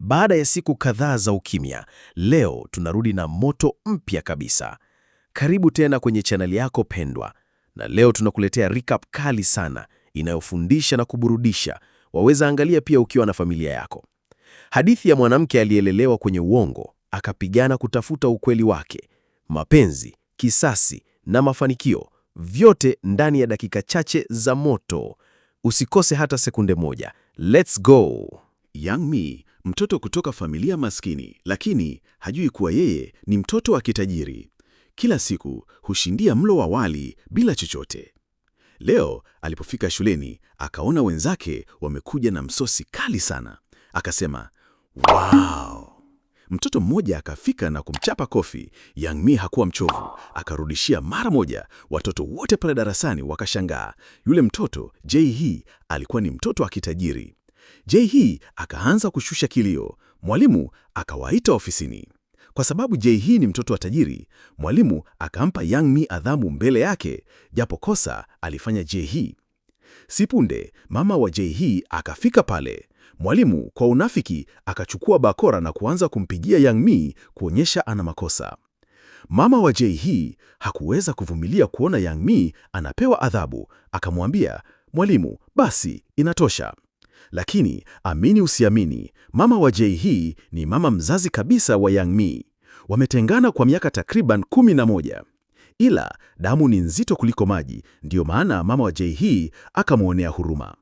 Baada ya siku kadhaa za ukimya, leo tunarudi na moto mpya kabisa. Karibu tena kwenye chaneli yako pendwa, na leo tunakuletea recap kali sana inayofundisha na kuburudisha. Waweza angalia pia ukiwa na familia yako. Hadithi ya mwanamke aliyelelewa kwenye uongo, akapigana kutafuta ukweli wake. Mapenzi, kisasi na mafanikio, vyote ndani ya dakika chache za moto. Usikose hata sekunde moja. Let's go. Young me mtoto kutoka familia maskini, lakini hajui kuwa yeye ni mtoto wa kitajiri. Kila siku hushindia mlo wa wali bila chochote. Leo alipofika shuleni, akaona wenzake wamekuja na msosi kali sana, akasema wow. Mtoto mmoja akafika na kumchapa kofi. Yang Mi hakuwa mchovu, akarudishia mara moja. Watoto wote pale darasani wakashangaa. Yule mtoto Jei hii alikuwa ni mtoto wa kitajiri hii akaanza kushusha kilio. Mwalimu akawaita ofisini. Kwa sababu Jayhee ni mtoto wa tajiri, mwalimu akampa Yang Mi adhabu mbele yake, japo kosa alifanya Jayhee. Si punde mama wa Jayhee akafika pale. Mwalimu kwa unafiki akachukua bakora na kuanza kumpigia Yang Mi kuonyesha ana makosa. Mama wa Jayhee hakuweza kuvumilia kuona Yang Mi anapewa adhabu, akamwambia mwalimu, basi inatosha. Lakini amini usiamini, mama wa Jay hii ni mama mzazi kabisa wa Yang Mi. Wametengana kwa miaka takriban kumi na moja, ila damu ni nzito kuliko maji, ndiyo maana mama wa Jay hii akamwonea huruma.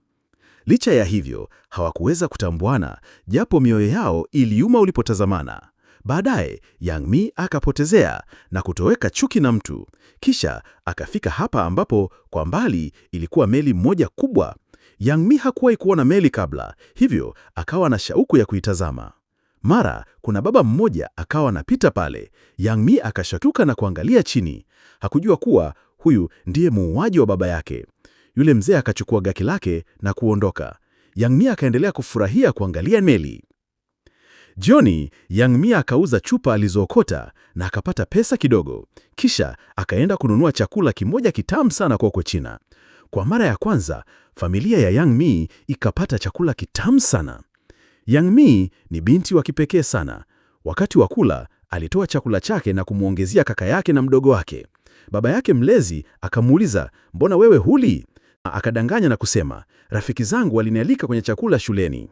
Licha ya hivyo, hawakuweza kutambuana, japo mioyo yao iliuma ulipotazamana. Baadaye Yang Mi akapotezea na kutoweka chuki na mtu, kisha akafika hapa ambapo kwa mbali ilikuwa meli moja kubwa Yang Mi hakuwahi kuona meli kabla, hivyo akawa na shauku ya kuitazama. Mara kuna baba mmoja akawa anapita pale. Yang Mi na kuangalia chini. Hakujua kuwa huyu ndiye muuaji wa baba yake. Yule mzee akachukua gaki lake na kuondoka. Yang Mi akaendelea kufurahia kuangalia meli. Jioni, Yang Mi akauza chupa alizookota na akapata pesa kidogo. Kisha akaenda kununua chakula kimoja kitamu sana kwa huko China. Kwa mara ya kwanza, familia ya Yang Mi ikapata chakula kitamu sana. Yang Mi ni binti wa kipekee sana. Wakati wa kula, alitoa chakula chake na kumwongezea kaka yake na mdogo wake. Baba yake mlezi akamuuliza, mbona wewe huli? Akadanganya na kusema, rafiki zangu walinialika kwenye chakula shuleni.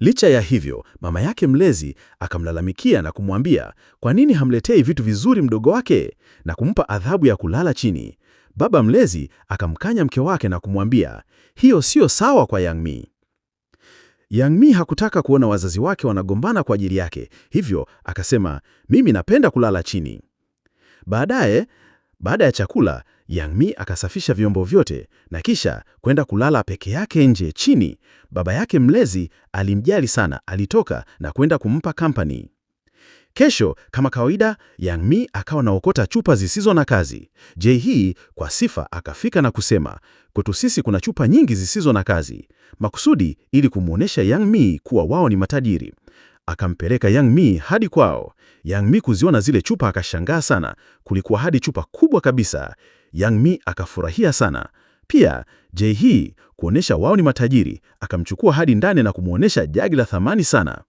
Licha ya hivyo, mama yake mlezi akamlalamikia na kumwambia, kwa nini hamletei vitu vizuri mdogo wake? Na kumpa adhabu ya kulala chini baba mlezi akamkanya mke wake na kumwambia hiyo siyo sawa kwa Yangmi. Yangmi hakutaka kuona wazazi wake wanagombana kwa ajili yake, hivyo akasema mimi napenda kulala chini. Baadaye, baada ya chakula, yangmi akasafisha vyombo vyote na kisha kwenda kulala peke yake nje chini. Baba yake mlezi alimjali sana, alitoka na kwenda kumpa kampani. Kesho kama kawaida, Yang Mi akawa naokota chupa zisizo na kazi. Je, hii kwa sifa akafika na kusema, kwetu sisi kuna chupa nyingi zisizo na kazi, makusudi ili kumwonyesha Yang Mi kuwa wao ni matajiri. Akampeleka Yang Mi hadi kwao. Yang Mi kuziona zile chupa akashangaa sana, kulikuwa hadi chupa kubwa kabisa. Yang Mi akafurahia sana pia. Je, hii kuonyesha wao ni matajiri, akamchukua hadi ndani na kumwonyesha jagi la thamani sana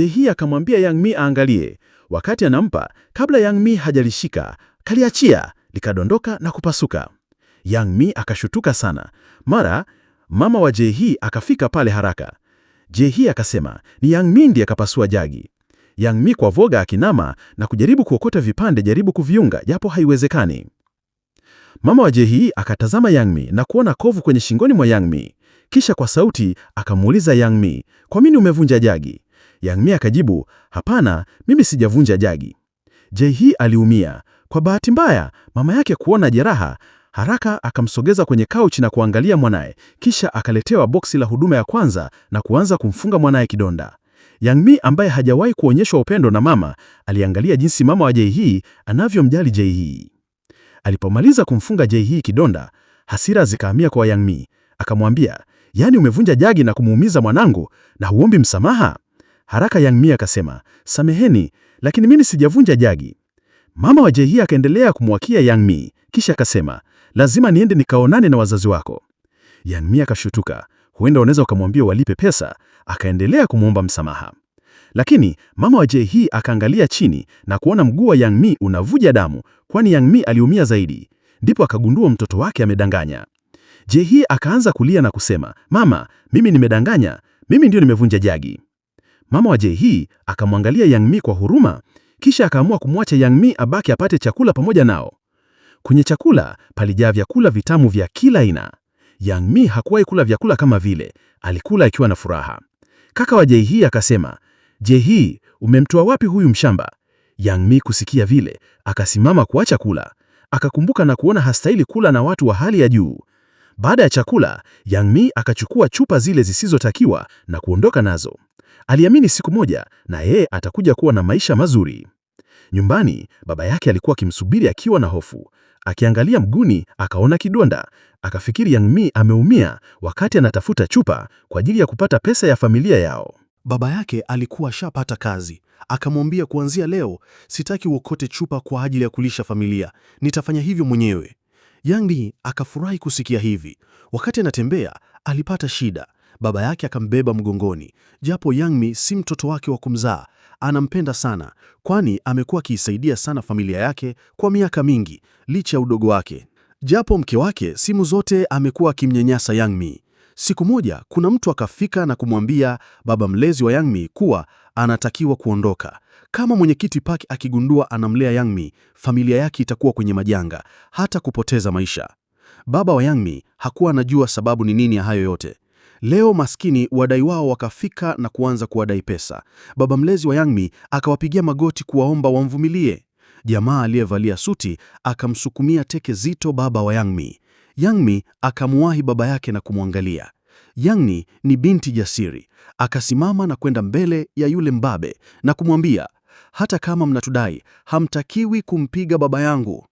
hii akamwambia Yang Mi aangalie. Wakati anampa, kabla Yang Mi hajalishika, kaliachia likadondoka na kupasuka. Yang Mi akashutuka sana. Mara mama wa Jehii akafika pale haraka. Jehii akasema ni Yang Mi ndiye akapasua jagi. Yang Mi kwa voga akinama na kujaribu kuokota vipande, jaribu kuviunga, japo haiwezekani. Mama wa Jehii akatazama Yang Mi na kuona kovu kwenye shingoni mwa Yang Mi, kisha kwa sauti akamuuliza Yang Mi, kwa nini umevunja jagi? yang akajibu, hapana, mimi sijavunja jagi. jae aliumia. Kwa bahati mbaya, mama yake kuona jeraha haraka akamsogeza kwenye kauchi na kuangalia mwanaye, kisha akaletewa boksi la huduma ya kwanza na kuanza kumfunga mwanaye kidonda. Yang-mi ambaye hajawahi kuonyeshwa upendo na mama aliangalia jinsi mama wa jae anavyomjali jae Alipomaliza kumfunga jae kidonda, hasira zikahamia kwa Yang-mi, akamwambia, yaani umevunja jagi na kumuumiza mwanangu na huombi msamaha? Haraka Yang Mi akasema, sameheni, lakini mimi sijavunja jagi. Mama wa Jehi akaendelea kumwakia Yang Mi, kisha akasema, lazima niende nikaonane na wazazi wako. Yang Mi akashutuka, huenda unaweza ukamwambia walipe pesa. Akaendelea kumwomba msamaha, lakini mama wa Jehi akaangalia chini na kuona mguu wa Yang Mi unavuja damu, kwani Yang Mi aliumia zaidi. Ndipo akagundua mtoto wake amedanganya. Jehi akaanza kulia na kusema, mama, mimi nimedanganya, mimi ndio nimevunja jagi. Mama wa Jae-hee akamwangalia Yang Mi kwa huruma, kisha akaamua kumwacha Yang Mi abaki apate chakula pamoja nao. Kwenye chakula palijaa vyakula vitamu vya kila aina. Yang Mi hakuwahi kula vyakula kama vile, alikula akiwa na furaha. Kaka wa Jae-hee akasema, jehi hee umemtoa wapi huyu mshamba? Yang Mi kusikia vile akasimama kuacha kula, akakumbuka na kuona hastahili kula na watu wa hali ya juu. Baada ya chakula, Yang Mi akachukua chupa zile zisizotakiwa na kuondoka nazo. Aliamini siku moja na yeye atakuja kuwa na maisha mazuri. Nyumbani baba yake alikuwa akimsubiri akiwa na hofu. Akiangalia mguni akaona kidonda, akafikiri Yang Mi ameumia wakati anatafuta chupa kwa ajili ya kupata pesa ya familia yao. Baba yake alikuwa ashapata kazi, akamwambia kuanzia leo sitaki uokote chupa kwa ajili ya kulisha familia, nitafanya hivyo mwenyewe. Yang akafurahi kusikia hivi. Wakati anatembea alipata shida, baba yake akambeba mgongoni. Japo yangmi si mtoto wake wa kumzaa, anampenda sana, kwani amekuwa akiisaidia sana familia yake kwa miaka mingi licha ya udogo wake. Japo mke wake simu zote amekuwa akimnyanyasa yangmi Siku moja kuna mtu akafika na kumwambia baba mlezi wa yangmi kuwa anatakiwa kuondoka. Kama mwenyekiti Park akigundua anamlea yangmi familia yake itakuwa kwenye majanga, hata kupoteza maisha. Baba wa Yangmi hakuwa anajua sababu ni nini ya hayo yote, Leo maskini wadai wao wakafika na kuanza kuwadai pesa. Baba mlezi wa yangmi akawapigia magoti kuwaomba wamvumilie. Jamaa aliyevalia suti akamsukumia teke zito baba wa yangmi yangmi akamuwahi baba yake na kumwangalia. Yangni ni binti jasiri, akasimama na kwenda mbele ya yule mbabe na kumwambia, hata kama mnatudai, hamtakiwi kumpiga baba yangu.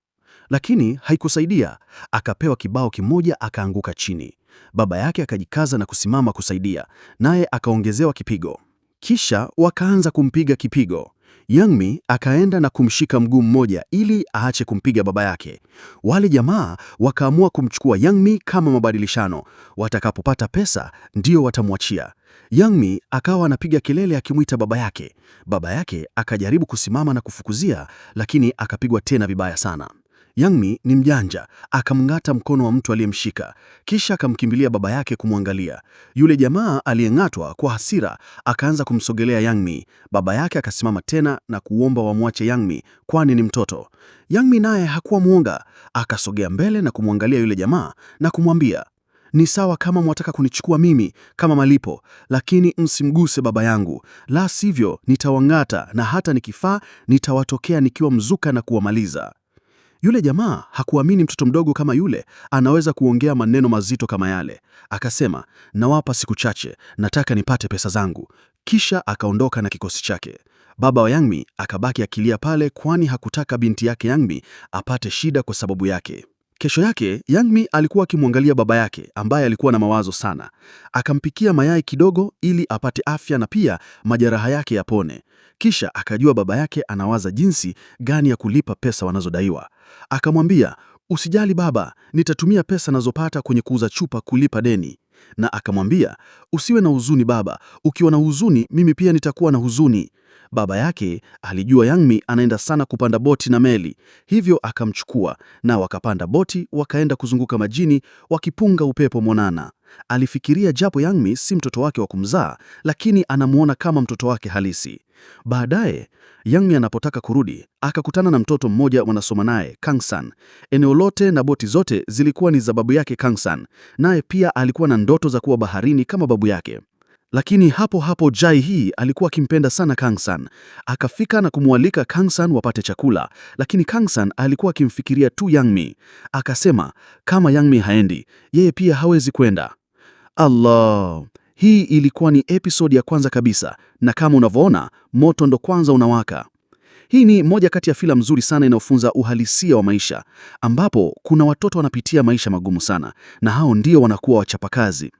Lakini haikusaidia, akapewa kibao kimoja, akaanguka chini. Baba yake akajikaza na kusimama kusaidia, naye akaongezewa kipigo. Kisha wakaanza kumpiga kipigo. yangmi akaenda na kumshika mguu mmoja ili aache kumpiga baba yake. Wale jamaa wakaamua kumchukua yangmi kama mabadilishano, watakapopata pesa ndio watamwachia. yangmi akawa anapiga kelele akimwita baba yake. Baba yake akajaribu kusimama na kufukuzia, lakini akapigwa tena vibaya sana. Yangmi ni mjanja, akamng'ata mkono wa mtu aliyemshika, kisha akamkimbilia baba yake kumwangalia. Yule jamaa aliyeng'atwa kwa hasira akaanza kumsogelea Yangmi. Baba yake akasimama tena na kuomba wamwache Yangmi, kwani ni mtoto. Yangmi naye hakuwa mwonga, akasogea mbele na kumwangalia yule jamaa na kumwambia, ni sawa kama mwataka kunichukua mimi kama malipo, lakini msimguse baba yangu, la sivyo nitawang'ata, na hata nikifaa nitawatokea nikiwa mzuka na kuwamaliza. Yule jamaa hakuamini mtoto mdogo kama yule anaweza kuongea maneno mazito kama yale. Akasema, nawapa siku chache, nataka nipate pesa zangu. Kisha akaondoka na kikosi chake. Baba wa Yangmi akabaki akilia pale, kwani hakutaka binti yake Yangmi apate shida kwa sababu yake. Kesho yake yangmi alikuwa akimwangalia baba yake ambaye alikuwa na mawazo sana. Akampikia mayai kidogo ili apate afya na pia majeraha yake yapone. Kisha akajua baba yake anawaza jinsi gani ya kulipa pesa wanazodaiwa. Akamwambia, usijali baba, nitatumia pesa nazopata kwenye kuuza chupa kulipa deni na akamwambia, usiwe na huzuni baba, ukiwa na huzuni mimi pia nitakuwa na huzuni. Baba yake alijua Yangmi anaenda sana kupanda boti na meli, hivyo akamchukua na wakapanda boti wakaenda kuzunguka majini wakipunga upepo mwanana. Alifikiria japo Yangmi si mtoto wake wa kumzaa, lakini anamwona kama mtoto wake halisi. Baadaye Yang anapotaka kurudi akakutana na mtoto mmoja wanasoma naye Kangsan. Eneo lote na boti zote zilikuwa ni za babu yake Kangsan, naye pia alikuwa na ndoto za kuwa baharini kama babu yake. Lakini hapo hapo Jai hii alikuwa akimpenda sana Kangsan. Akafika na kumwalika Kangsan wapate chakula, lakini Kangsan alikuwa akimfikiria tu Yangmi. Akasema kama Yangmi haendi, yeye pia hawezi kwenda. Allah! Hii ilikuwa ni episodi ya kwanza kabisa, na kama unavyoona moto ndo kwanza unawaka. Hii ni moja kati ya filamu nzuri sana inayofunza uhalisia wa maisha, ambapo kuna watoto wanapitia maisha magumu sana, na hao ndio wanakuwa wachapakazi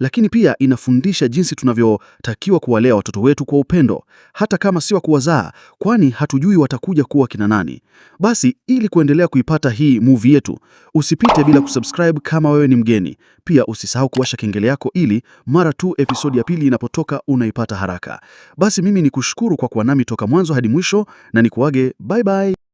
lakini pia inafundisha jinsi tunavyotakiwa kuwalea watoto wetu kwa upendo, hata kama si wa kuwazaa, kwani hatujui watakuja kuwa kina nani. Basi ili kuendelea kuipata hii movie yetu, usipite bila kusubscribe kama wewe ni mgeni. Pia usisahau kuwasha kengele yako ili mara tu episodi ya pili inapotoka unaipata haraka. Basi mimi ni kushukuru kwa kuwa nami toka mwanzo hadi mwisho na nikuage bye bye.